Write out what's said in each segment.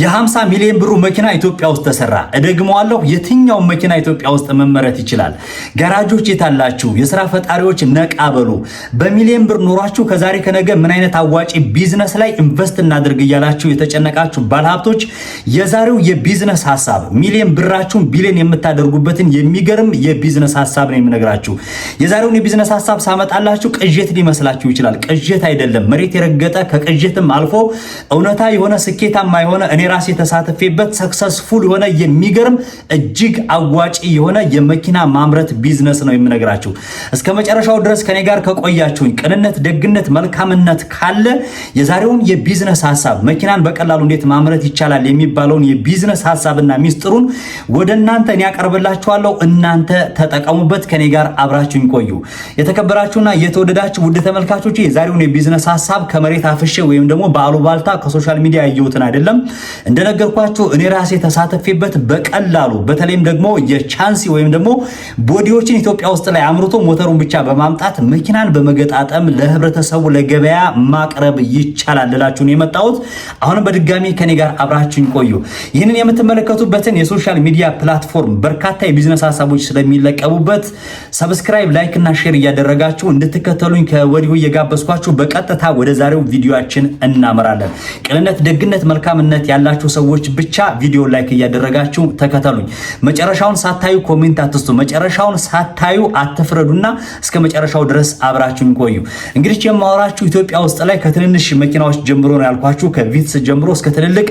የ50 ሚሊዮን ብሩ መኪና ኢትዮጵያ ውስጥ ተሰራ። እደግመዋለሁ፣ የትኛው መኪና ኢትዮጵያ ውስጥ መመረት ይችላል? ጋራጆች የታላችሁ የስራ ፈጣሪዎች ነቃ በሉ። በሚሊዮን ብር ኖሯችሁ ከዛሬ ከነገ ምን አይነት አዋጪ ቢዝነስ ላይ ኢንቨስት እናድርግ እያላችሁ የተጨነቃችሁ ባለሀብቶች የዛሬው የቢዝነስ ሀሳብ ሚሊዮን ብራችሁን ቢሊዮን የምታደርጉበትን የሚገርም የቢዝነስ ሀሳብ ነው የምነግራችሁ። የዛሬውን የቢዝነስ ሀሳብ ሳመጣላችሁ ቅዠት ሊመስላችሁ ይችላል። ቅዠት አይደለም። መሬት የረገጠ ከቅዠትም አልፎ እውነታ የሆነ ስኬታማ የሆነ ራሴ ተሳተፌበት ሰክሰስፉል የሆነ የሚገርም እጅግ አዋጪ የሆነ የመኪና ማምረት ቢዝነስ ነው የምነግራችሁ። እስከ መጨረሻው ድረስ ከኔ ጋር ከቆያችሁኝ ቅንነት፣ ደግነት፣ መልካምነት ካለ የዛሬውን የቢዝነስ ሀሳብ መኪናን በቀላሉ እንዴት ማምረት ይቻላል የሚባለውን የቢዝነስ ሀሳብና ሚስጥሩን ወደ እናንተ እኔ ያቀርብላችኋለሁ። እናንተ ተጠቀሙበት። ከኔ ጋር አብራችሁኝ ቆዩ። የተከበራችሁና የተወደዳችሁ ውድ ተመልካቾች የዛሬውን የቢዝነስ ሀሳብ ከመሬት አፍሼ ወይም ደግሞ በአሉባልታ ከሶሻል ሚዲያ ያየሁትን አይደለም እንደነገርኳችሁ እኔ ራሴ ተሳተፌበት በቀላሉ በተለይም ደግሞ የቻንሲ ወይም ደግሞ ቦዲዎችን ኢትዮጵያ ውስጥ ላይ አምርቶ ሞተሩን ብቻ በማምጣት መኪናን በመገጣጠም ለህብረተሰቡ ለገበያ ማቅረብ ይቻላል ልላችሁን የመጣሁት አሁንም በድጋሚ ከኔ ጋር አብራችን ቆዩ። ይህንን የምትመለከቱበትን የሶሻል ሚዲያ ፕላትፎርም በርካታ የቢዝነስ ሀሳቦች ስለሚለቀቡበት ሰብስክራይብ፣ ላይክ እና ሼር እያደረጋችሁ እንድትከተሉኝ ከወዲሁ እየጋበዝኳችሁ በቀጥታ ወደ ዛሬው ቪዲዮችን እናመራለን። ቅንነት፣ ደግነት፣ መልካምነት ያለ ያላችሁ ሰዎች ብቻ ቪዲዮ ላይክ እያደረጋችሁ ተከተሉኝ። መጨረሻውን ሳታዩ ኮሜንት አትስጡ። መጨረሻውን ሳታዩ አትፍረዱና እስከ መጨረሻው ድረስ አብራችሁኝ ቆዩ። እንግዲህ የማወራችሁ ኢትዮጵያ ውስጥ ላይ ከትንንሽ መኪናዎች ጀምሮ ነው ያልኳችሁ፣ ከቪትስ ጀምሮ እስከ ትልልቅ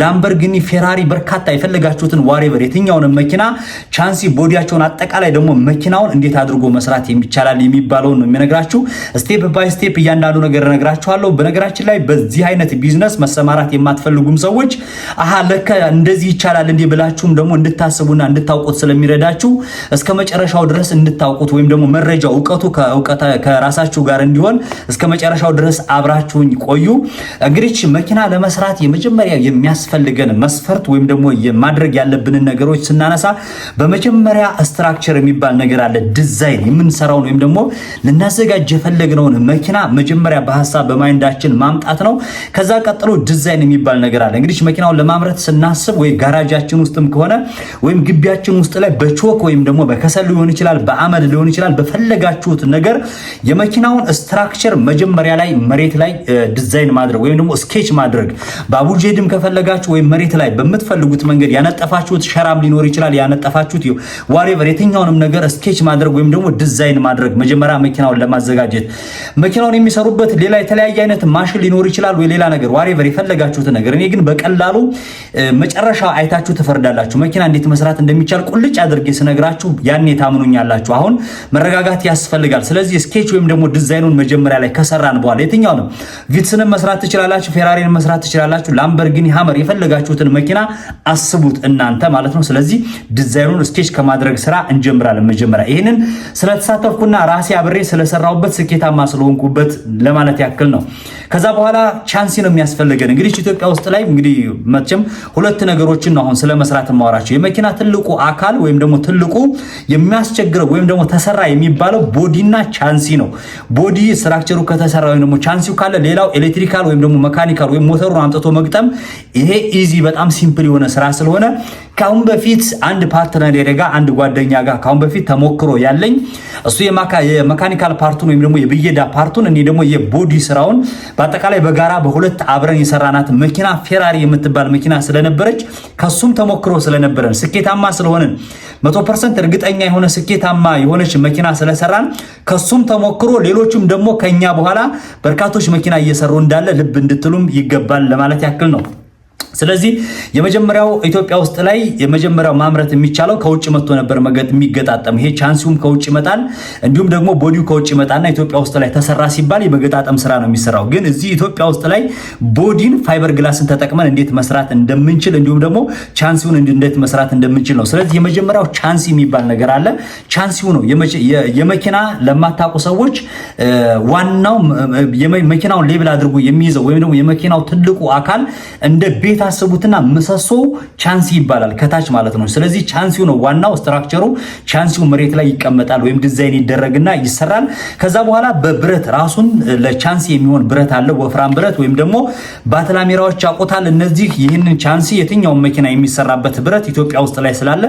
ላምበርጊኒ፣ ፌራሪ፣ በርካታ የፈለጋችሁትን ዋሬቨር የትኛውንም መኪና ቻንሲ ቦዲያቸውን አጠቃላይ ደግሞ መኪናውን እንዴት አድርጎ መስራት የሚቻላል የሚባለውን ነው የሚነግራችሁ። ስቴፕ ባይ ስቴፕ እያንዳንዱ ነገር እነግራችኋለሁ። በነገራችን ላይ በዚህ አይነት ቢዝነስ መሰማራት የማትፈልጉም ሰዎች አሀ ለካ እንደዚህ ይቻላል እንዴ ብላችሁም ደግሞ እንድታስቡና እንድታውቁት ስለሚረዳችሁ እስከ መጨረሻው ድረስ እንድታውቁት ወይም ደግሞ መረጃው እውቀቱ ከራሳችሁ ጋር እንዲሆን እስከ መጨረሻው ድረስ አብራችሁኝ ቆዩ። እንግዲህ መኪና ለመስራት የመጀመሪያ የሚያስፈልገን መስፈርት ወይም ደግሞ ማድረግ ያለብንን ነገሮች ስናነሳ በመጀመሪያ ስትራክቸር የሚባል ነገር አለ። ዲዛይን የምንሰራውን ወይም ደግሞ ልናዘጋጅ የፈለግነውን መኪና መጀመሪያ በሀሳብ በማይንዳችን ማምጣት ነው። ከዛ ቀጥሎ ዲዛይን የሚባል ነገር አለ እንግዲህ መኪናውን ለማምረት ስናስብ ወይ ጋራጃችን ውስጥም ከሆነ ወይም ግቢያችን ውስጥ ላይ በቾክ ወይም ደግሞ በከሰል ሊሆን ይችላል፣ በአመድ ሊሆን ይችላል፣ በፈለጋችሁት ነገር የመኪናውን ስትራክቸር መጀመሪያ ላይ መሬት ላይ ዲዛይን ማድረግ ወይም ደግሞ ስኬች ማድረግ በአቡልጄድም ከፈለጋችሁ ወይም መሬት ላይ በምትፈልጉት መንገድ ያነጠፋችሁት ሸራም ሊኖር ይችላል። ያነጠፋችሁት ዋሬቨር የትኛውንም ነገር ስኬች ማድረግ ወይም ደግሞ ዲዛይን ማድረግ መጀመሪያ መኪናውን ለማዘጋጀት መኪናውን የሚሰሩበት ሌላ የተለያየ አይነት ማሽን ሊኖር ይችላል ወይ ሌላ ነገር ዋሬቨር የፈለጋችሁት ነገር እኔ ግን በቀ በቀላሉ መጨረሻ አይታችሁ ትፈርዳላችሁ። መኪና እንዴት መስራት እንደሚቻል ቁልጭ አድርጌ ስነግራችሁ ያኔ ታምኑኛላችሁ። አሁን መረጋጋት ያስፈልጋል። ስለዚህ ስኬች ወይም ደግሞ ዲዛይኑን መጀመሪያ ላይ ከሰራን በኋላ የትኛውንም ቪትስንም መስራት ትችላላችሁ፣ ፌራሪን መስራት ትችላላችሁ፣ ላምበርጊኒ ሀመር፣ የፈለጋችሁትን መኪና አስቡት እናንተ ማለት ነው። ስለዚህ ዲዛይኑን ስኬች ከማድረግ ስራ እንጀምራለን። መጀመሪያ ይህንን ስለተሳተፍኩና ራሴ አብሬ ስለሰራሁበት ስኬታማ ስለሆንኩበት ለማለት ያክል ነው። ከዛ በኋላ ቻንሲ ነው የሚያስፈልገን እንግዲህ ኢትዮጵያ ውስጥ ላይ እንግዲህ መቼም ሁለት ነገሮችን ነው አሁን ስለ መስራት ማወራቸው። የመኪና ትልቁ አካል ወይም ደግሞ ትልቁ የሚያስቸግረው ወይም ደግሞ ተሰራ የሚባለው ቦዲና ቻንሲ ነው። ቦዲ ስትራክቸሩ ከተሰራ ወይም ደግሞ ቻንሲው ካለ ሌላው ኤሌክትሪካል ወይም ደግሞ መካኒካል ወይም ሞተሩን አምጥቶ መግጠም። ይሄ ኢዚ በጣም ሲምፕል የሆነ ስራ ስለሆነ ካሁን በፊት አንድ ፓርትነር የደጋ አንድ ጓደኛ ጋር ካሁን በፊት ተሞክሮ ያለኝ እሱ የመካኒካል ፓርቱን ወይም ደግሞ የብየዳ ፓርቱን እኔ ደግሞ የቦዲ ስራውን በአጠቃላይ በጋራ በሁለት አብረን የሰራናት መኪና ፌራሪ የምትባል መኪና ስለነበረች ከሱም ተሞክሮ ስለነበረን ስኬታማ ስለሆንን መቶ ፐርሰንት እርግጠኛ የሆነ ስኬታማ የሆነች መኪና ስለሰራን ከሱም ተሞክሮ ሌሎችም ደግሞ ከኛ በኋላ በርካቶች መኪና እየሰሩ እንዳለ ልብ እንድትሉም ይገባል ለማለት ያክል ነው። ስለዚህ የመጀመሪያው ኢትዮጵያ ውስጥ ላይ የመጀመሪያው ማምረት የሚቻለው ከውጭ መጥቶ ነበር የሚገጣጠም። ይሄ ቻንሲውም ከውጭ ይመጣል፣ እንዲሁም ደግሞ ቦዲው ከውጭ ይመጣና ኢትዮጵያ ውስጥ ላይ ተሰራ ሲባል የመገጣጠም ስራ ነው የሚሰራው። ግን እዚህ ኢትዮጵያ ውስጥ ላይ ቦዲን ፋይበር ግላስን ተጠቅመን እንዴት መስራት እንደምንችል እንዲሁም ደግሞ ቻንሲውን እንዴት መስራት እንደምንችል ነው። ስለዚህ የመጀመሪያው ቻንሲ የሚባል ነገር አለ። ቻንሲው ነው የመኪና ለማታውቁ ሰዎች ዋናው መኪናውን ሌብል አድርጎ የሚይዘው ወይም ደግሞ የመኪናው ትልቁ አካል እንደ ቤት አስቡትና ምሰሶው ቻንስ ይባላል ከታች ማለት ነው። ስለዚህ ቻንሲው ነው ዋናው ስትራክቸሩ። ቻንሲው መሬት ላይ ይቀመጣል ወይም ዲዛይን ይደረግና ይሰራል። ከዛ በኋላ በብረት ራሱን ለቻንስ የሚሆን ብረት አለ፣ ወፍራም ብረት ወይም ደግሞ ባትላሜራዎች ያቆታል። እነዚህ ይህንን ቻንሲ የትኛውን መኪና የሚሰራበት ብረት ኢትዮጵያ ውስጥ ላይ ስላለ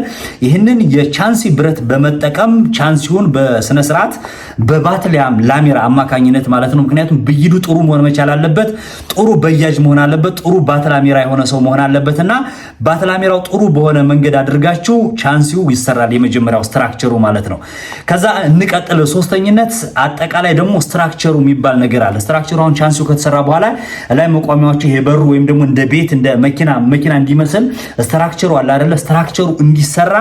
ይህንን የቻንሲ ብረት በመጠቀም ቻንሲውን በስነ ስርዓት በባትሊያም ላሜራ አማካኝነት ማለት ነው። ምክንያቱም ብይዱ ጥሩ መሆን መቻል አለበት። ጥሩ በያጅ መሆን አለበት። ጥሩ ባትላሜራ የሆነ ሰው መሆን አለበትና ባትላሜራው ጥሩ በሆነ መንገድ አድርጋችሁ ቻንሲው ይሰራል። የመጀመሪያው ስትራክቸሩ ማለት ነው። ከዛ እንቀጥል። ሶስተኝነት አጠቃላይ ደግሞ ስትራክቸሩ የሚባል ነገር አለ። ስትራክቸሩ አሁን ቻንሲው ከተሰራ በኋላ ላይ መቋሚያዎቹ የበሩ ወይም ደግሞ እንደ ቤት እንደ መኪና መኪና እንዲመስል ስትራክቸሩ አለ አይደለ? ስትራክቸሩ እንዲሰራ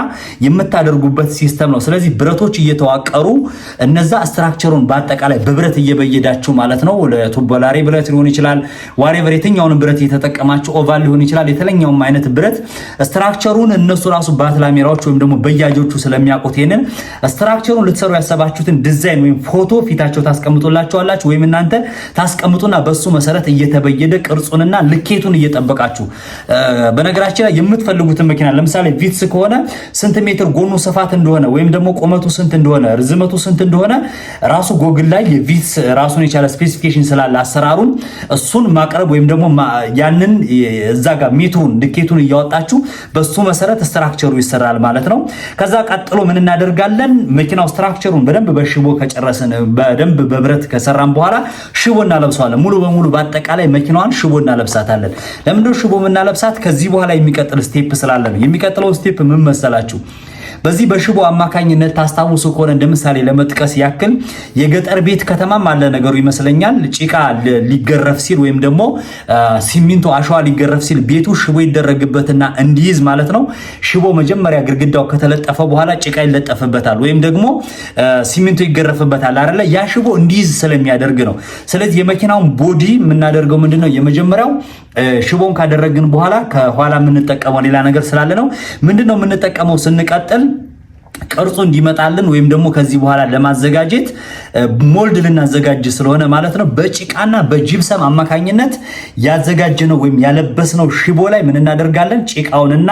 የምታደርጉበት ሲስተም ነው። ስለዚህ ብረቶች እየተዋቀሩ እነዛ ስትራክቸሩን በአጠቃላይ በብረት እየበየዳችሁ ማለት ነው። ለቱቦላሪ ብረት ሊሆን ይችላል፣ ዋሬቨር የትኛውንም ብረት እየተጠቀማችሁ ኦቫል ሜታል ሊሆን ይችላል፣ የተለኛውም አይነት ብረት ስትራክቸሩን እነሱ ራሱ ባትላሜራዎች ወይም ደግሞ በያጆቹ ስለሚያውቁት ይሄንን ስትራክቸሩን ልትሰሩ ያሰባችሁትን ዲዛይን ወይም ፎቶ ፊታቸው ታስቀምጡላቸዋላችሁ ወይም እናንተ ታስቀምጡና በሱ መሰረት እየተበየደ ቅርጹንና ልኬቱን እየጠበቃችሁ በነገራችን ላይ የምትፈልጉትን መኪና ለምሳሌ ቪትስ ከሆነ ስንት ሜትር ጎኑ ስፋት እንደሆነ ወይም ደግሞ ቁመቱ ስንት እንደሆነ ርዝመቱ ስንት እንደሆነ ራሱ ጎግል ላይ የቪትስ ራሱን የቻለ ስፔሲፊኬሽን ስላለ አሰራሩን እሱን ማቅረብ ወይም ደግሞ ያንን እዛ ጋር ሚቱን ልኬቱን እያወጣችሁ በሱ መሰረት ስትራክቸሩ ይሰራል ማለት ነው። ከዛ ቀጥሎ ምን እናደርጋለን? መኪናው ስትራክቸሩን በደንብ በሽቦ ከጨረስን በደንብ በብረት ከሰራን በኋላ ሽቦ እናለብሰዋለን። ሙሉ በሙሉ በአጠቃላይ መኪናዋን ሽቦ እናለብሳታለን። ለምንድነው ሽቦ የምናለብሳት? ከዚህ በኋላ የሚቀጥል ስቴፕ ስላለ ነው። የሚቀጥለው ስቴፕ ምን መሰላችሁ? በዚህ በሽቦ አማካኝነት ታስታውሱ ከሆነ እንደ ምሳሌ ለመጥቀስ ያክል የገጠር ቤት ከተማም አለ ነገሩ ይመስለኛል። ጭቃ ሊገረፍ ሲል ወይም ደግሞ ሲሚንቶ አሸዋ ሊገረፍ ሲል ቤቱ ሽቦ ይደረግበትና እንዲይዝ ማለት ነው። ሽቦ መጀመሪያ ግድግዳው ከተለጠፈ በኋላ ጭቃ ይለጠፍበታል ወይም ደግሞ ሲሚንቶ ይገረፍበታል አይደለ? ያ ሽቦ እንዲይዝ ስለሚያደርግ ነው። ስለዚህ የመኪናውን ቦዲ የምናደርገው ምንድነው? የመጀመሪያው ሽቦን ካደረግን በኋላ ከኋላ የምንጠቀመው ሌላ ነገር ስላለ ነው። ምንድነው የምንጠቀመው ስንቀጥል ቅርጹ እንዲመጣልን ወይም ደግሞ ከዚህ በኋላ ለማዘጋጀት ሞልድ ልናዘጋጅ ስለሆነ ማለት ነው። በጭቃና በጅብሰም አማካኝነት ያዘጋጀነው ወይም ያለበስነው ሽቦ ላይ ምን እናደርጋለን? ጭቃውንና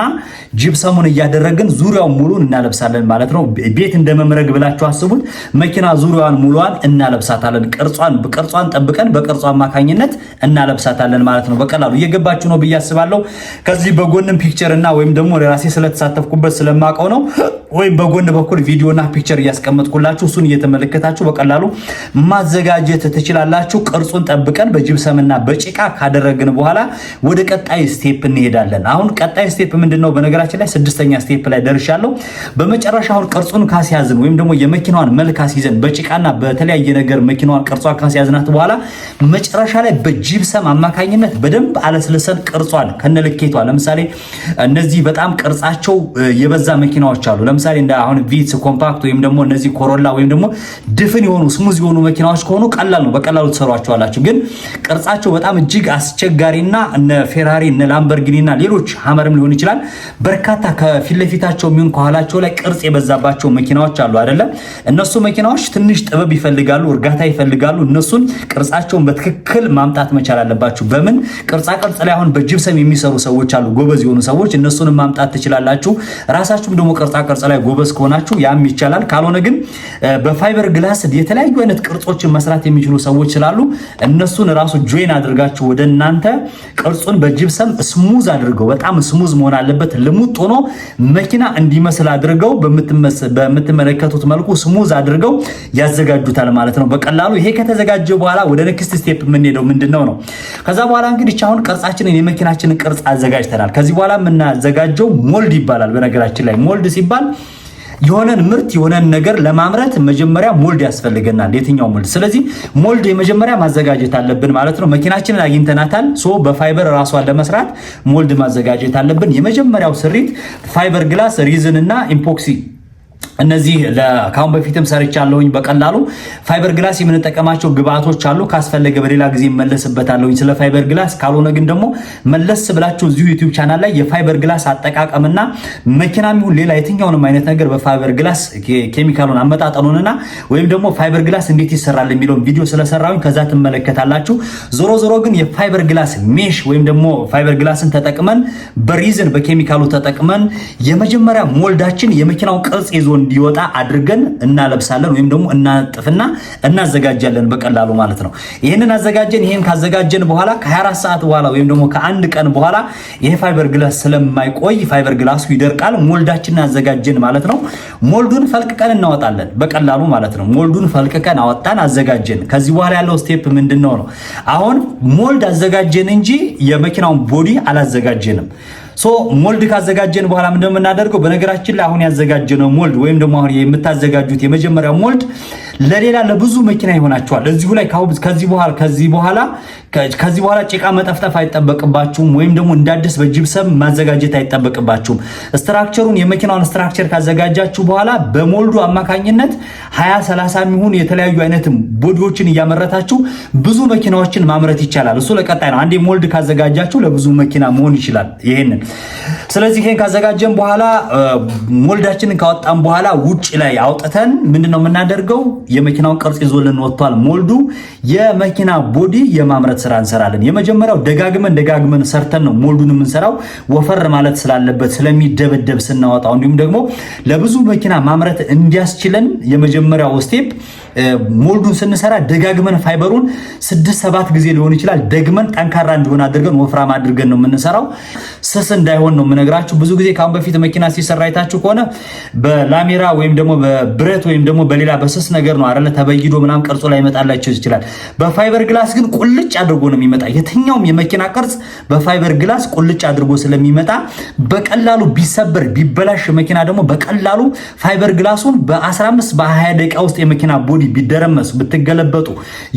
ጅብሰሙን እያደረግን ዙሪያውን ሙሉን እናለብሳለን ማለት ነው። ቤት እንደመምረግ ብላችሁ አስቡት። መኪና ዙሪያዋን ሙሉዋን እናለብሳታለን። ቅርጿን ቅርጿን ጠብቀን በቅርጿ አማካኝነት እናለብሳታለን ማለት ነው። በቀላሉ እየገባችሁ ነው ብዬ አስባለሁ። ከዚህ በጎንም ፒክቸር እና ወይም ደግሞ ራሴ ስለተሳተፍኩበት ስለማውቀው ነው ወይም በጎን በኩል ቪዲዮና ፒክቸር እያስቀመጥኩላችሁ እሱን እየተመለከታችሁ በቀላሉ በቀላሉ ማዘጋጀት ትችላላችሁ። ቅርጹን ጠብቀን በጅብሰምና በጭቃ ካደረግን በኋላ ወደ ቀጣይ ስቴፕ እንሄዳለን። አሁን ቀጣይ ስቴፕ ምንድን ነው? በነገራችን ላይ ስድስተኛ ስቴፕ ላይ ደርሻለሁ። በመጨረሻ አሁን ቅርጹን ካስያዝን ወይም ደግሞ የመኪናዋን መልክ አስይዘን በጭቃና በተለያየ ነገር መኪናዋን ቅርጿን ካስያዝናት በኋላ መጨረሻ ላይ በጅብሰም አማካኝነት በደንብ አለስልሰን ቅርጿን ከነልኬቷ ለምሳሌ እነዚህ በጣም ቅርጻቸው የበዛ መኪናዎች አሉ። ለምሳሌ እንደ አሁን ቪትስ ኮምፓክት ወይም ደግሞ እነዚህ ኮሮላ ወይም ደግሞ ድፍን የሆኑ ስሙዝ የሆኑ መኪናዎች ከሆኑ ቀላል ነው፣ በቀላሉ ትሰሯቸዋላችሁ። ግን ቅርጻቸው በጣም እጅግ አስቸጋሪና እነ ፌራሪ እነ ላምበርጊኒና ሌሎች ሀመርም ሊሆን ይችላል በርካታ ከፊት ለፊታቸው የሚሆን ከኋላቸው ላይ ቅርጽ የበዛባቸው መኪናዎች አሉ አይደለም። እነሱ መኪናዎች ትንሽ ጥበብ ይፈልጋሉ፣ እርጋታ ይፈልጋሉ። እነሱን ቅርጻቸውን በትክክል ማምጣት መቻል አለባችሁ። በምን ቅርጻ ቅርጽ ላይ አሁን በጅብሰም የሚሰሩ ሰዎች አሉ፣ ጎበዝ የሆኑ ሰዎች። እነሱንም ማምጣት ትችላላችሁ። ራሳችሁም ደግሞ ቅርጻ ቅርጽ ላይ ጎበዝ ከሆናችሁ ያም ይቻላል። ካልሆነ ግን በፋይበር ግላስ የተለያዩ አይነት ቅርጾችን መስራት የሚችሉ ሰዎች ስላሉ እነሱን ራሱ ጆይን አድርጋችሁ ወደ እናንተ ቅርጹን በጅብሰም ስሙዝ አድርገው በጣም ስሙዝ መሆን አለበት። ልሙጥ ሆኖ መኪና እንዲመስል አድርገው በምትመለከቱት መልኩ ስሙዝ አድርገው ያዘጋጁታል ማለት ነው በቀላሉ። ይሄ ከተዘጋጀ በኋላ ወደ ኔክስት ስቴፕ የምንሄደው ምንድነው ነው። ከዛ በኋላ እንግዲህ አሁን ቅርጻችንን የመኪናችንን ቅርጽ አዘጋጅተናል። ከዚህ በኋላ የምናዘጋጀው ሞልድ ይባላል። በነገራችን ላይ ሞልድ ሲባል የሆነን ምርት የሆነን ነገር ለማምረት መጀመሪያ ሞልድ ያስፈልገናል። የትኛው ሞልድ? ስለዚህ ሞልድ የመጀመሪያ ማዘጋጀት አለብን ማለት ነው። መኪናችንን አግኝተናታል። ሶ በፋይበር ራሷን ለመስራት ሞልድ ማዘጋጀት አለብን። የመጀመሪያው ስሪት ፋይበር ግላስ፣ ሪዝን እና ኢምፖክሲ እነዚህ ከአሁን በፊትም ሰርቻለሁኝ። በቀላሉ ፋይበር ግላስ የምንጠቀማቸው ግብአቶች አሉ። ካስፈለገ በሌላ ጊዜ መለስበታለሁኝ ስለ ፋይበር ግላስ። ካልሆነ ግን ደግሞ መለስ ብላችሁ እዚሁ ዩቲዩብ ቻናል ላይ የፋይበር ግላስ አጠቃቀምና መኪናም ይሁን ሌላ የትኛውንም አይነት ነገር በፋይበር ግላስ ኬሚካሉን አመጣጠኑንና ወይም ደግሞ ፋይበር ግላስ እንዴት ይሰራል የሚለውን ቪዲዮ ስለሰራሁኝ ከዛ ትመለከታላችሁ። ዞሮ ዞሮ ግን የፋይበር ግላስ ሜሽ ወይም ደግሞ ፋይበር ግላስን ተጠቅመን በሪዝን በኬሚካሉ ተጠቅመን የመጀመሪያ ሞልዳችን የመኪናውን ቅርጽ ይዞን እንዲወጣ አድርገን እናለብሳለን ወይም ደግሞ እናጥፍና እናዘጋጃለን በቀላሉ ማለት ነው። ይህንን አዘጋጀን። ይህን ካዘጋጀን በኋላ ከ24 ሰዓት በኋላ ወይም ደግሞ ከአንድ ቀን በኋላ ይሄ ፋይበር ግላስ ስለማይቆይ ፋይበር ግላሱ ይደርቃል። ሞልዳችንን አዘጋጀን ማለት ነው። ሞልዱን ፈልቅቀን እናወጣለን በቀላሉ ማለት ነው። ሞልዱን ፈልቅቀን አወጣን፣ አዘጋጀን። ከዚህ በኋላ ያለው ስቴፕ ምንድን ነው ነው? አሁን ሞልድ አዘጋጀን እንጂ የመኪናውን ቦዲ አላዘጋጀንም። ሶ ሞልድ ካዘጋጀን በኋላ ምንድነው የምናደርገው? በነገራችን ላይ አሁን ያዘጋጀነው ሞልድ ወይም ደግሞ አሁን የምታዘጋጁት የመጀመሪያው ሞልድ ለሌላ ለብዙ መኪና ይሆናቸዋል። እዚሁ ላይ ከዚህ በኋላ ከዚህ በኋላ ጭቃ መጠፍጠፍ አይጠበቅባችሁም፣ ወይም ደግሞ እንዳደስ በጅብሰም ማዘጋጀት አይጠበቅባችሁም። ስትራክቸሩን የመኪናውን ስትራክቸር ካዘጋጃችሁ በኋላ በሞልዱ አማካኝነት 20 30 የሚሆን የተለያዩ አይነት ቦዲዎችን እያመረታችሁ ብዙ መኪናዎችን ማምረት ይቻላል። እሱ ለቀጣይ ነው። አንዴ ሞልድ ካዘጋጃችሁ ለብዙ መኪና መሆን ይችላል። ይሄንን ስለዚህ ይሄን ካዘጋጀን በኋላ ሞልዳችንን ካወጣን በኋላ ውጭ ላይ አውጥተን ምንድነው የምናደርገው? የመኪናውን ቅርጽ ይዞልን ወጥቷል ሞልዱ የመኪና ቦዲ የማምረት ስራ እንሰራለን። የመጀመሪያው ደጋግመን ደጋግመን ሰርተን ነው ሞልዱን የምንሰራው ወፈር ማለት ስላለበት ስለሚደበደብ ስናወጣው፣ እንዲሁም ደግሞ ለብዙ መኪና ማምረት እንዲያስችለን የመጀመሪያው ስቴፕ ሞልዱን ስንሰራ ደጋግመን ፋይበሩን ስድስት ሰባት ጊዜ ሊሆን ይችላል ደግመን ጠንካራ እንዲሆን አድርገን ወፍራም አድርገን ነው የምንሰራው። ስስ እንዳይሆን ነው የምነግራችሁ። ብዙ ጊዜ ከአሁን በፊት መኪና ሲሰራ አይታችሁ ከሆነ በላሜራ ወይም ደግሞ በብረት ወይም ደግሞ በሌላ በስስ ነገር ነው አለ ተበይዶ ምናም ቅርጹ ላይ ይመጣላቸው ይችላል። በፋይበር ግላስ ግን ቁልጭ አድርጎ ነው የሚመጣ። የትኛውም የመኪና ቅርጽ በፋይበር ግላስ ቁልጭ አድርጎ ስለሚመጣ በቀላሉ ቢሰበር ቢበላሽ መኪና ደግሞ በቀላሉ ፋይበር ግላሱን በ15 በ20 ደቂቃ ውስጥ የመኪና ቦዲ ቢደረመሱ ብትገለበጡ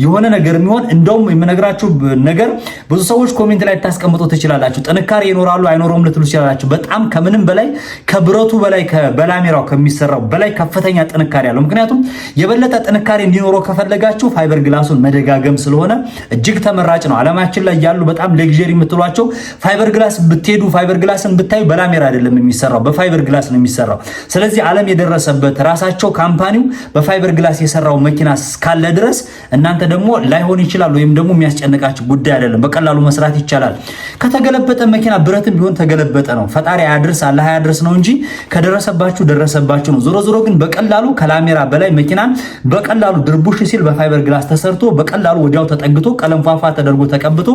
የሆነ ነገር የሚሆን እንደውም የምነግራችሁ ነገር ብዙ ሰዎች ኮሜንት ላይ ታስቀምጡ ትችላላችሁ። ጥንካሬ ይኖራሉ አይኖረውም ልትሉ ትችላላችሁ። በጣም ከምንም በላይ ከብረቱ በላይ በላሜራው ከሚሰራው በላይ ከፍተኛ ጥንካሬ አለው። ምክንያቱም የበለጠ ጥንካሬ እንዲኖረው ከፈለጋችሁ ፋይበር ግላሱን መደጋገም ስለሆነ እጅግ ተመራጭ ነው። አለማችን ላይ ያሉ በጣም ሌግዥሪ የምትሏቸው ፋይበር ግላስ ብትሄዱ ፋይበር ግላስን ብታዩ በላሜራ አይደለም የሚሰራው በፋይበር ግላስ ነው የሚሰራው። ስለዚህ ዓለም የደረሰበት ራሳቸው ካምፓኒው በፋይበር ግላስ የሰራው መኪና እስካለ ድረስ እናንተ ደግሞ ላይሆን ይችላል ወይም ደግሞ የሚያስጨንቃችሁ ጉዳይ አይደለም። በቀላሉ መስራት ይቻላል። ከተገለበጠ መኪና ብረትም ቢሆን ተገለበጠ ነው። ፈጣሪ አያድርስ አላህ አያድርስ ነው እንጂ ከደረሰባችሁ ደረሰባችሁ ነው። ዞሮ ዞሮ ግን በቀላሉ ከላሜራ በላይ መኪናን በቀላሉ ድርቡሽ ሲል በፋይበር ግላስ ተሰርቶ በቀላሉ ወዲያው ተጠግቶ ቀለም ፏፏ ተደርጎ ተቀብቶ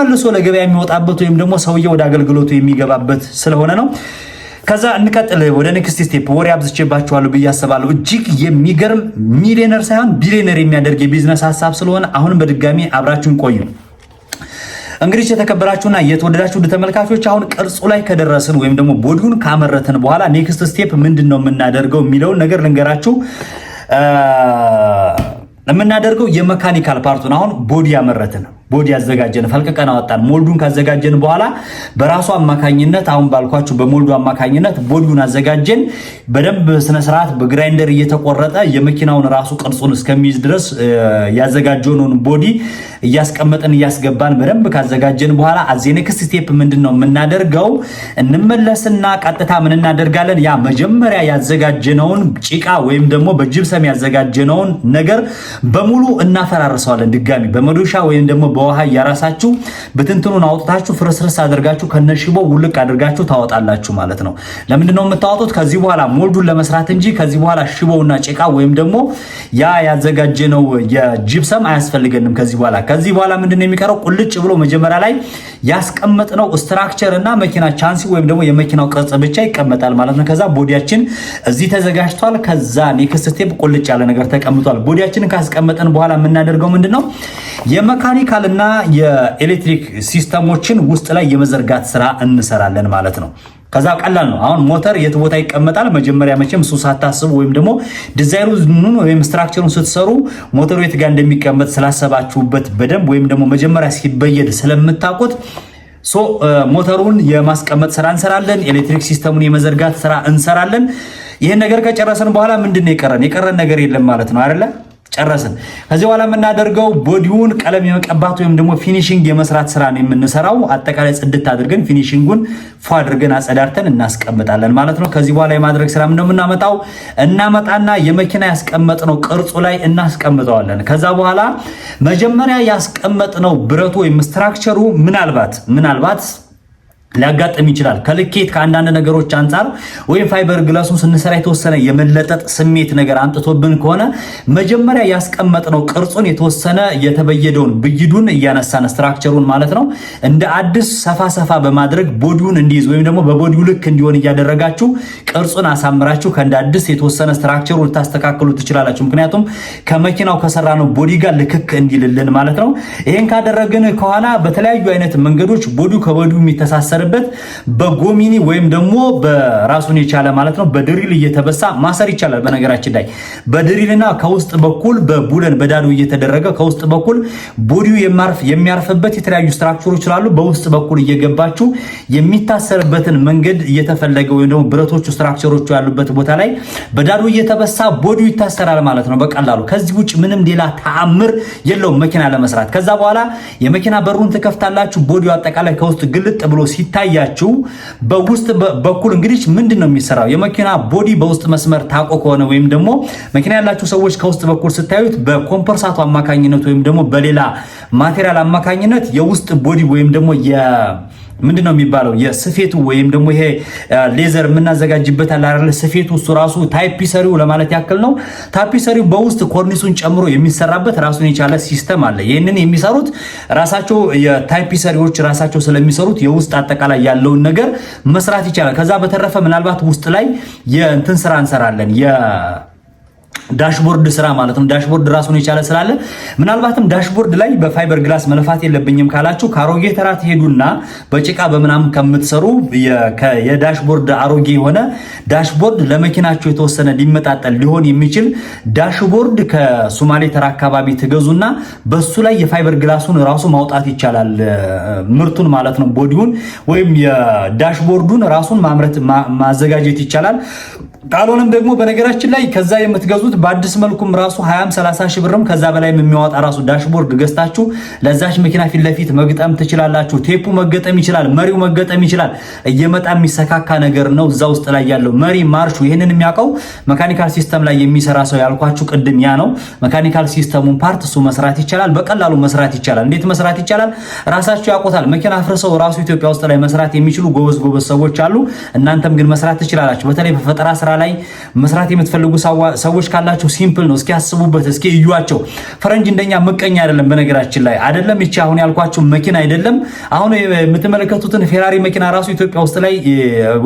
መልሶ ለገበያ የሚወጣበት ወይም ደግሞ ሰውዬ ወደ አገልግሎቱ የሚገባበት ስለሆነ ነው። ከዛ እንቀጥል ወደ ኔክስት ስቴፕ። ወሬ አብዝቼባችኋለሁ ብዬ አስባለሁ። እጅግ የሚገርም ሚሊዮነር ሳይሆን ቢሊዮነር የሚያደርግ የቢዝነስ ሀሳብ ስለሆነ አሁንም በድጋሚ አብራችሁን ቆዩ። እንግዲህ የተከበራችሁና የተወደዳችሁ ተመልካቾች አሁን ቅርጹ ላይ ከደረስን ወይም ደግሞ ቦዲውን ካመረትን በኋላ ኔክስት ስቴፕ ምንድን ነው የምናደርገው የሚለውን ነገር ልንገራችሁ። የምናደርገው የመካኒካል ፓርቱን አሁን ቦዲ ያመረትን ቦዲ ያዘጋጀን ፈልቅቀን አወጣን። ሞልዱን ካዘጋጀን በኋላ በራሱ አማካኝነት አሁን ባልኳችሁ በሞልዱ አማካኝነት ቦዲውን አዘጋጀን። በደንብ ስነስርዓት በግራይንደር እየተቆረጠ የመኪናውን ራሱ ቅርጹን እስከሚይዝ ድረስ ያዘጋጀውን ቦዲ እያስቀመጥን እያስገባን በደንብ ካዘጋጀን በኋላ አዜኔክስ ስቴፕ ምንድን ነው የምናደርገው? እንመለስና ቀጥታ ምን እናደርጋለን? ያ መጀመሪያ ያዘጋጀነውን ጭቃ ወይም ደግሞ በጅብሰም ያዘጋጀነውን ነገር በሙሉ እናፈራርሰዋለን። ድጋሚ በመዶሻ ወይም ደግሞ በውሃ እያራሳችሁ ብትንትኑን አውጥታችሁ ፍርስርስ አድርጋችሁ ከነሽቦ ውልቅ አድርጋችሁ ታወጣላችሁ ማለት ነው። ለምንድን ነው የምታወጡት? ከዚህ በኋላ ሞልዱን ለመስራት እንጂ ከዚህ በኋላ ሽቦውና ጭቃ ወይም ደግሞ ያ ያዘጋጀነው የጂፕሰም አያስፈልገንም ከዚህ በኋላ። ከዚህ በኋላ ምንድን ነው የሚቀረው? ቁልጭ ብሎ መጀመሪያ ላይ ያስቀመጥነው ስትራክቸር እና መኪና ቻንሲ ወይም ደግሞ የመኪናው ቅርጽ ብቻ ይቀመጣል ማለት ነው። ከዛ ቦዲያችን እዚህ ተዘጋጅቷል። ከዛ ኔክስት ስቴፕ ቁልጭ ያለ ነገር ተቀምጧል። ቦዲያችንን ካስቀመጠን በኋላ የምናደርገው ምንድን ነው የመካኒካል የውሃና የኤሌክትሪክ ሲስተሞችን ውስጥ ላይ የመዘርጋት ስራ እንሰራለን ማለት ነው። ከዛ ቀላል ነው። አሁን ሞተር የት ቦታ ይቀመጣል? መጀመሪያ መቼም እሱ ሳታስቡ ወይም ደግሞ ዲዛይኑን ወይም ስትራክቸሩን ስትሰሩ ሞተሩ የት ጋር እንደሚቀመጥ ስላሰባችሁበት በደንብ ወይም ደግሞ መጀመሪያ ሲበየድ ስለምታውቁት ሶ ሞተሩን የማስቀመጥ ስራ እንሰራለን። ኤሌክትሪክ ሲስተሙን የመዘርጋት ስራ እንሰራለን። ይህን ነገር ከጨረሰን በኋላ ምንድን ነው የቀረን? የቀረን ነገር የለም ማለት ነው አይደለ? ጨረስን። ከዚህ በኋላ የምናደርገው ቦዲውን ቀለም የመቀባት ወይም ደግሞ ፊኒሽንግ የመስራት ስራ ነው የምንሰራው። አጠቃላይ ጽድት አድርገን ፊኒሽንጉን ፎ አድርገን አጸዳርተን እናስቀምጣለን ማለት ነው። ከዚህ በኋላ የማድረግ ስራ እንደምናመጣው እናመጣና የመኪና ያስቀመጥነው ቅርጹ ላይ እናስቀምጠዋለን። ከዛ በኋላ መጀመሪያ ያስቀመጥነው ብረቱ ወይም ስትራክቸሩ ምናልባት ምናልባት ሊያጋጥም ይችላል። ከልኬት ከአንዳንድ ነገሮች አንጻር ወይም ፋይበር ግላሱን ስንሰራ የተወሰነ የመለጠጥ ስሜት ነገር አምጥቶብን ከሆነ መጀመሪያ ያስቀመጥነው ቅርጹን የተወሰነ የተበየደውን ብይዱን እያነሳን ስትራክቸሩን ማለት ነው እንደ አዲስ ሰፋ ሰፋ በማድረግ ቦዲውን እንዲይዝ ወይም ደግሞ በቦዲው ልክ እንዲሆን እያደረጋችሁ ቅርጹን አሳምራችሁ ከእንደ አዲስ የተወሰነ ስትራክቸሩ ልታስተካክሉ ትችላላችሁ። ምክንያቱም ከመኪናው ከሰራነው ቦዲ ጋር ልክክ እንዲልልን ማለት ነው። ይህን ካደረግን ከኋላ በተለያዩ አይነት መንገዶች ቦዲው ከቦዲው የሚተሳሰር የሚታሰርበት በጎሚኒ ወይም ደግሞ በራሱን የቻለ ማለት ነው በድሪል እየተበሳ ማሰር ይቻላል። በነገራችን ላይ በድሪልና ከውስጥ በኩል በቡለን በዳዱ እየተደረገ ከውስጥ በኩል ቦዲው የሚያርፍበት የተለያዩ ስትራክቸሮች ስላሉ በውስጥ በኩል እየገባችሁ የሚታሰርበትን መንገድ እየተፈለገ ወይም ደግሞ ብረቶቹ ስትራክቸሮቹ ያሉበት ቦታ ላይ በዳዱ እየተበሳ ቦዲው ይታሰራል ማለት ነው በቀላሉ። ከዚህ ውጭ ምንም ሌላ ተአምር የለውም መኪና ለመስራት። ከዛ በኋላ የመኪና በሩን ትከፍታላችሁ። ቦዲው አጠቃላይ ከውስጥ ግልጥ ብሎ ሲታ ሲታያችሁ በውስጥ በኩል እንግዲህ ምንድን ነው የሚሰራው? የመኪና ቦዲ በውስጥ መስመር ታቆ ከሆነ ወይም ደግሞ መኪና ያላችሁ ሰዎች ከውስጥ በኩል ስታዩት በኮምፐርሳቱ አማካኝነት ወይም ደግሞ በሌላ ማቴሪያል አማካኝነት የውስጥ ቦዲ ወይም ደግሞ ምንድን ነው የሚባለው? የስፌቱ ወይም ደግሞ ይሄ ሌዘር የምናዘጋጅበት አለ ስፌቱ እሱ ራሱ ታይፒሰሪው ለማለት ያክል ነው። ታፒሰሪው በውስጥ ኮርኒሱን ጨምሮ የሚሰራበት ራሱን የቻለ ሲስተም አለ። ይህንን የሚሰሩት ራሳቸው የታይፒሰሪዎች ራሳቸው ስለሚሰሩት የውስጥ አጠቃላይ ያለውን ነገር መስራት ይቻላል። ከዛ በተረፈ ምናልባት ውስጥ ላይ የእንትን ስራ እንሰራለን ዳሽቦርድ ስራ ማለት ነው። ዳሽቦርድ ራሱን የቻለ ስላለ ምናልባትም ዳሽቦርድ ላይ በፋይበር ግላስ መልፋት የለብኝም ካላችሁ ከአሮጌ ተራ ትሄዱና በጭቃ በምናምን ከምትሰሩ የዳሽቦርድ አሮጌ የሆነ ዳሽቦርድ ለመኪናችሁ የተወሰነ ሊመጣጠል ሊሆን የሚችል ዳሽቦርድ ከሶማሌ ተራ አካባቢ ትገዙና በሱ ላይ የፋይበር ግላሱን ራሱ ማውጣት ይቻላል። ምርቱን ማለት ነው ቦዲውን ወይም የዳሽቦርዱን ራሱን ማምረት ማዘጋጀት ይቻላል። ጣሎንም ደግሞ በነገራችን ላይ ከዛ የምትገዙት በአዲስ መልኩም ራሱ 20 30 ሺህ ብርም ከዛ በላይ የሚያወጣ ራሱ ዳሽቦርድ ገዝታችሁ ለዛች መኪና ፊት ለፊት መግጠም ትችላላችሁ። ቴፑ መገጠም ይችላል፣ መሪው መገጠም ይችላል። እየመጣ የሚሰካካ ነገር ነው እዛ ውስጥ ላይ ያለው መሪ ማርሹ። ይህንን የሚያውቀው መካኒካል ሲስተም ላይ የሚሰራ ሰው ያልኳችሁ ቅድም ያ ነው። መካኒካል ሲስተሙን ፓርት እሱ መስራት ይቻላል፣ በቀላሉ መስራት ይቻላል። እንዴት መስራት ይቻላል? ራሳችሁ ያውቁታል። መኪና አፍርሰው ራሱ ኢትዮጵያ ውስጥ ላይ መስራት የሚችሉ ጎበዝ ጎበዝ ሰዎች አሉ። እናንተም ግን መስራት ትችላላችሁ። በተለይ በፈጠራ ስራ ላይ መስራት የምትፈልጉ ሰዎች ካላችሁ ሲምፕል ነው። እስኪ ያስቡበት፣ እስኪ እዩዋቸው። ፈረንጅ እንደኛ ምቀኛ አይደለም። በነገራችን ላይ አይደለም ይቺ አሁን ያልኳችሁ መኪና አይደለም። አሁን የምትመለከቱትን ፌራሪ መኪና ራሱ ኢትዮጵያ ውስጥ ላይ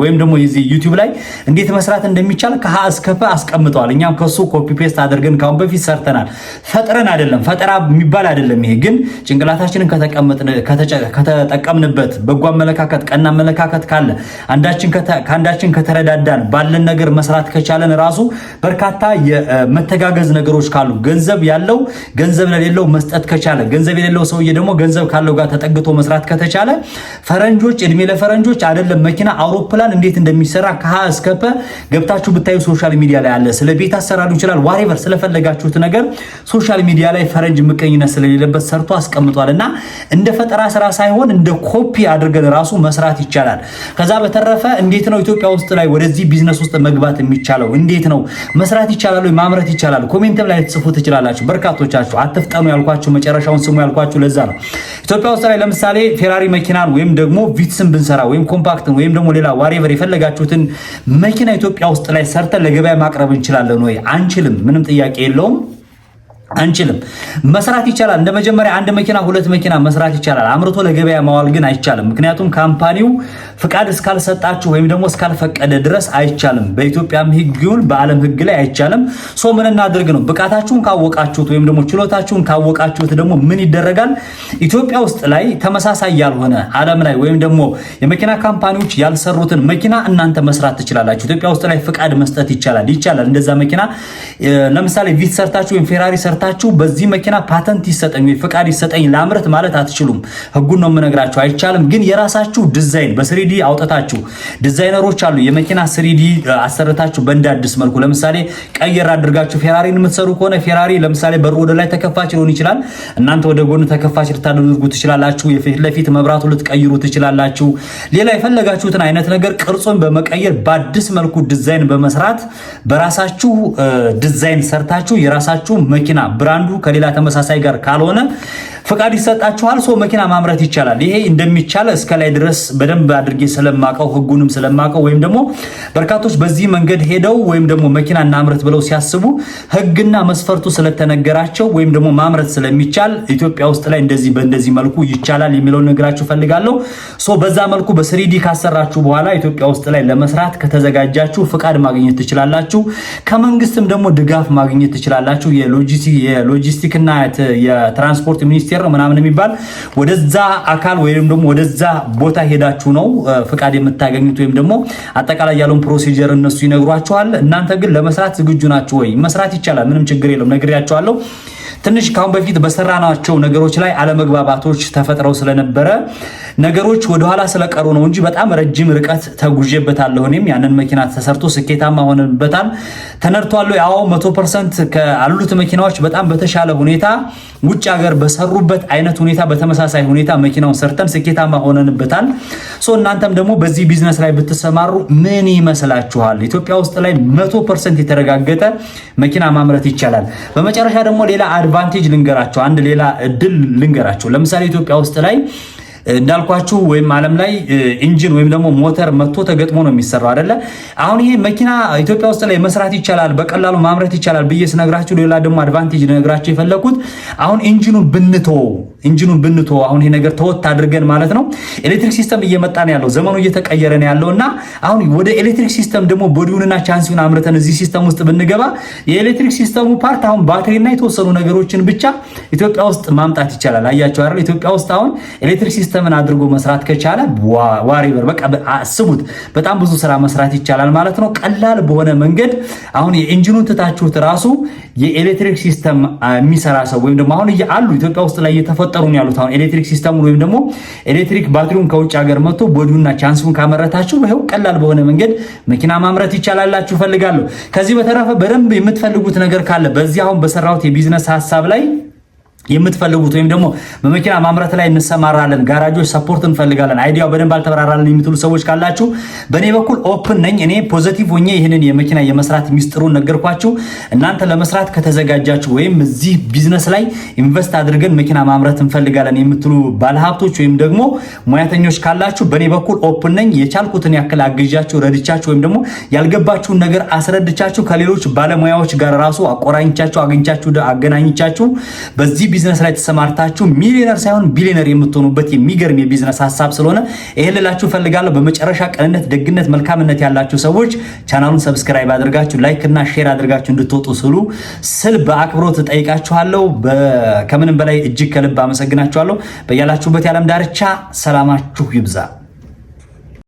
ወይም ደግሞ ዩቲዩብ ላይ እንዴት መስራት እንደሚቻል ከሀ እስከ አስቀምጠዋል። እኛም ከሱ ኮፒ ፔስት አድርገን ካሁን በፊት ሰርተናል። ፈጥረን አይደለም ፈጠራ የሚባል አይደለም ይሄ ግን ጭንቅላታችንን ከተጠቀምንበት በጎ አመለካከት፣ ቀና አመለካከት ካለ አንዳችን ከአንዳችን ከተረዳዳን ባለን ነገር መስራት ከቻለን ራሱ በርካታ የመተጋገዝ ነገሮች ካሉ ገንዘብ ያለው ገንዘብ ለሌለው መስጠት ከቻለ ገንዘብ የሌለው ሰውዬ ደግሞ ገንዘብ ካለው ጋር ተጠግቶ መስራት ከተቻለ ፈረንጆች እድሜ ለፈረንጆች አይደለም መኪና አውሮፕላን እንዴት እንደሚሰራ ከሀ እስከ ፐ ገብታችሁ ብታዩ ሶሻል ሚዲያ ላይ አለ። ስለ ቤት አሰራሩ ይችላል ዋሬቨር ስለፈለጋችሁት ነገር ሶሻል ሚዲያ ላይ ፈረንጅ ምቀኝነት ስለሌለበት ሰርቶ አስቀምጧል እና እንደ ፈጠራ ስራ ሳይሆን እንደ ኮፒ አድርገን ራሱ መስራት ይቻላል። ከዛ በተረፈ እንዴት ነው ኢትዮጵያ ውስጥ ላይ ወደዚህ ቢዝነስ ውስጥ መግባት መግባት የሚቻለው እንዴት ነው? መስራት ይቻላል ወይ? ማምረት ይቻላል? ኮሜንትም ላይ ልትጽፉ ትችላላችሁ። በርካቶቻችሁ አትፍጠኑ ያልኳችሁ መጨረሻውን ስሙ ያልኳችሁ ለዛ ነው። ኢትዮጵያ ውስጥ ላይ ለምሳሌ ፌራሪ መኪናን ወይም ደግሞ ቪትስን ብንሰራ ወይም ኮምፓክትን ወይም ደግሞ ሌላ ዋሬቨር የፈለጋችሁትን መኪና ኢትዮጵያ ውስጥ ላይ ሰርተን ለገበያ ማቅረብ እንችላለን ወይ? አንችልም። ምንም ጥያቄ የለውም። አንችልም። መስራት ይቻላል። እንደ መጀመሪያ አንድ መኪና ሁለት መኪና መስራት ይቻላል። አምርቶ ለገበያ ማዋል ግን አይቻልም። ምክንያቱም ካምፓኒው ፍቃድ እስካልሰጣችሁ ወይም ደግሞ እስካልፈቀደ ድረስ አይቻልም። በኢትዮጵያም ሕግ ይሁን በዓለም ሕግ ላይ አይቻልም። ሶ ምን እናድርግ ነው? ብቃታችሁን ካወቃችሁት ወይም ደግሞ ችሎታችሁን ካወቃችሁት ደግሞ ምን ይደረጋል? ኢትዮጵያ ውስጥ ላይ ተመሳሳይ ያልሆነ ዓለም ላይ ወይም ደግሞ የመኪና ካምፓኒዎች ያልሰሩትን መኪና እናንተ መስራት ትችላላችሁ። ኢትዮጵያ ውስጥ ላይ ፍቃድ መስጠት ይቻላል። ይቻላል እንደዛ መኪና ለምሳሌ ቪት ሰርታችሁ ወይም ፌራሪ ሰርታችሁ በዚህ መኪና ፓተንት ይሰጠኝ ወይ ፍቃድ ይሰጠኝ ላምርት ማለት አትችሉም። ህጉን ነው የምነግራችሁ፣ አይቻልም። ግን የራሳችሁ ዲዛይን በስሪዲ አውጥታችሁ ዲዛይነሮች አሉ። የመኪና ስሪዲ አሰርታችሁ በእንደ አዲስ መልኩ ለምሳሌ ቀየር አድርጋችሁ ፌራሪን የምትሰሩ ከሆነ ፌራሪ ለምሳሌ በሩ ወደ ላይ ተከፋች ሊሆን ይችላል። እናንተ ወደ ጎን ተከፋች ልታደርጉ ትችላላችሁ። የፊት ለፊት መብራቱ ልትቀይሩ ትችላላችሁ። ሌላ የፈለጋችሁትን አይነት ነገር ቅርጹን በመቀየር በአዲስ መልኩ ዲዛይን በመስራት በራሳችሁ ዲዛይን ሰርታችሁ የራሳችሁ መኪና ብራንዱ ከሌላ ተመሳሳይ ጋር ካልሆነ ፍቃድ ይሰጣችኋል። ሰው መኪና ማምረት ይቻላል። ይሄ እንደሚቻል እስከ ላይ ድረስ በደንብ አድርጌ ስለማቀው ህጉንም ስለማቀው ወይም ደግሞ በርካቶች በዚህ መንገድ ሄደው ወይም ደግሞ መኪና እናምረት ብለው ሲያስቡ ህግና መስፈርቱ ስለተነገራቸው ወይም ደግሞ ማምረት ስለሚቻል ኢትዮጵያ ውስጥ ላይ እንደዚህ በእንደዚህ መልኩ ይቻላል የሚለውን ነገራችሁ ፈልጋለሁ። ሶ በዛ መልኩ በስሪዲ ካሰራችሁ በኋላ ኢትዮጵያ ውስጥ ላይ ለመስራት ከተዘጋጃችሁ ፍቃድ ማግኘት ትችላላችሁ። ከመንግስትም ደግሞ ድጋፍ ማግኘት ትችላላችሁ። የሎጂስቲክና የትራንስፖርት ሚኒስቴር ሚኒስቴር ነው ምናምን የሚባል ወደዛ አካል ወይም ደግሞ ወደዛ ቦታ ሄዳችሁ ነው ፍቃድ የምታገኙት ወይም ደግሞ አጠቃላይ ያለውን ፕሮሲጀር እነሱ ይነግሯችኋል። እናንተ ግን ለመስራት ዝግጁ ናችሁ ወይ? መስራት ይቻላል፣ ምንም ችግር የለም። ነግሬያችኋለሁ። ትንሽ ካሁን በፊት በሰራናቸው ነገሮች ላይ አለመግባባቶች ተፈጥረው ስለነበረ ነገሮች ወደኋላ ስለቀሩ ነው እንጂ በጣም ረጅም ርቀት ተጉዤበታለሁ። እኔም ያንን መኪና ተሰርቶ ስኬታማ ሆነንበታል። ተነድቷል። ያው መቶ ፐርሰንት ከአሉት መኪናዎች በጣም በተሻለ ሁኔታ ውጭ ሀገር በሰሩበት አይነት ሁኔታ በተመሳሳይ ሁኔታ መኪናውን ሰርተን ስኬታማ ሆነንበታል። ሶ እናንተም ደግሞ በዚህ ቢዝነስ ላይ ብትሰማሩ ምን ይመስላችኋል? ኢትዮጵያ ውስጥ ላይ መቶ ፐርሰንት የተረጋገጠ መኪና ማምረት ይቻላል። በመጨረሻ ደግሞ ሌላ አድቫንቴጅ ልንገራቸው፣ አንድ ሌላ እድል ልንገራቸው። ለምሳሌ ኢትዮጵያ ውስጥ ላይ እንዳልኳችሁ ወይም ዓለም ላይ ኢንጂን ወይም ደግሞ ሞተር መጥቶ ተገጥሞ ነው የሚሰራው አይደለ? አሁን ይሄ መኪና ኢትዮጵያ ውስጥ ላይ መስራት ይቻላል፣ በቀላሉ ማምረት ይቻላል ብዬ ስነግራችሁ፣ ሌላ ደግሞ አድቫንቴጅ ልነግራችሁ የፈለግኩት አሁን ኢንጂኑን ብንተወው ኢንጂኑን ብንቶ አሁን ይሄ ነገር ተወት አድርገን ማለት ነው። ኤሌክትሪክ ሲስተም እየመጣ ነው ያለው፣ ዘመኑ እየተቀየረ ነው ያለው እና አሁን ወደ ኤሌክትሪክ ሲስተም ደግሞ ቦዲውንና ቻንሲውን አምርተን እዚህ ሲስተም ውስጥ ብንገባ የኤሌክትሪክ ሲስተሙ ፓርት አሁን ባትሪና የተወሰኑ ነገሮችን ብቻ ኢትዮጵያ ውስጥ ማምጣት ይቻላል። አያቸው አይደል? ኢትዮጵያ ውስጥ አሁን ኤሌክትሪክ ሲስተምን አድርጎ መስራት ከቻለ ዋሪበር በቃ አስቡት፣ በጣም ብዙ ስራ መስራት ይቻላል ማለት ነው። ቀላል በሆነ መንገድ አሁን የኢንጂኑን ትታችሁት ራሱ የኤሌክትሪክ ሲስተም የሚሰራ ሰው ወይም ደግሞ አሁን አሉ ኢትዮጵያ ውስጥ ላይ እየተፈ እየፈጠሩ ነው ያሉት። አሁን ኤሌክትሪክ ሲስተሙን ወይም ደግሞ ኤሌክትሪክ ባትሪውን ከውጭ ሀገር መጥቶ ቦዲውና ቻንሱን ካመረታችሁ ይኸው ቀላል በሆነ መንገድ መኪና ማምረት ይቻላላችሁ ፈልጋለሁ። ከዚህ በተረፈ በደንብ የምትፈልጉት ነገር ካለ በዚህ አሁን በሰራሁት የቢዝነስ ሀሳብ ላይ የምትፈልጉት ወይም ደግሞ በመኪና ማምረት ላይ እንሰማራለን፣ ጋራጆች ሰፖርት እንፈልጋለን፣ አይዲያው በደንብ አልተበራራለን የምትሉ ሰዎች ካላችሁ በእኔ በኩል ኦፕን ነኝ። እኔ ፖዘቲቭ ሆኜ ይህንን የመኪና የመስራት ሚስጥሩን ነገርኳችሁ። እናንተ ለመስራት ከተዘጋጃችሁ ወይም እዚህ ቢዝነስ ላይ ኢንቨስት አድርገን መኪና ማምረት እንፈልጋለን የምትሉ ባለሀብቶች ወይም ደግሞ ሙያተኞች ካላችሁ በእኔ በኩል ኦፕን ነኝ። የቻልኩትን ያክል አግዣችሁ፣ ረድቻችሁ ወይም ደግሞ ያልገባችሁን ነገር አስረድቻችሁ ከሌሎች ባለሙያዎች ጋር ራሱ አቆራኝቻችሁ አገኝቻችሁ አገናኝቻችሁ በዚህ ቢዝነስ ላይ ተሰማርታችሁ ሚሊዮነር ሳይሆን ቢሊዮነር የምትሆኑበት የሚገርም የቢዝነስ ሀሳብ ስለሆነ ይህን ልላችሁ ፈልጋለሁ። በመጨረሻ ቀንነት፣ ደግነት፣ መልካምነት ያላችሁ ሰዎች ቻናሉን ሰብስክራይብ አድርጋችሁ ላይክ እና ሼር አድርጋችሁ እንድትወጡ ስሉ ስል በአክብሮት ጠይቃችኋለሁ ከምንም በላይ እጅግ ከልብ አመሰግናችኋለሁ። በያላችሁበት የዓለም ዳርቻ ሰላማችሁ ይብዛ።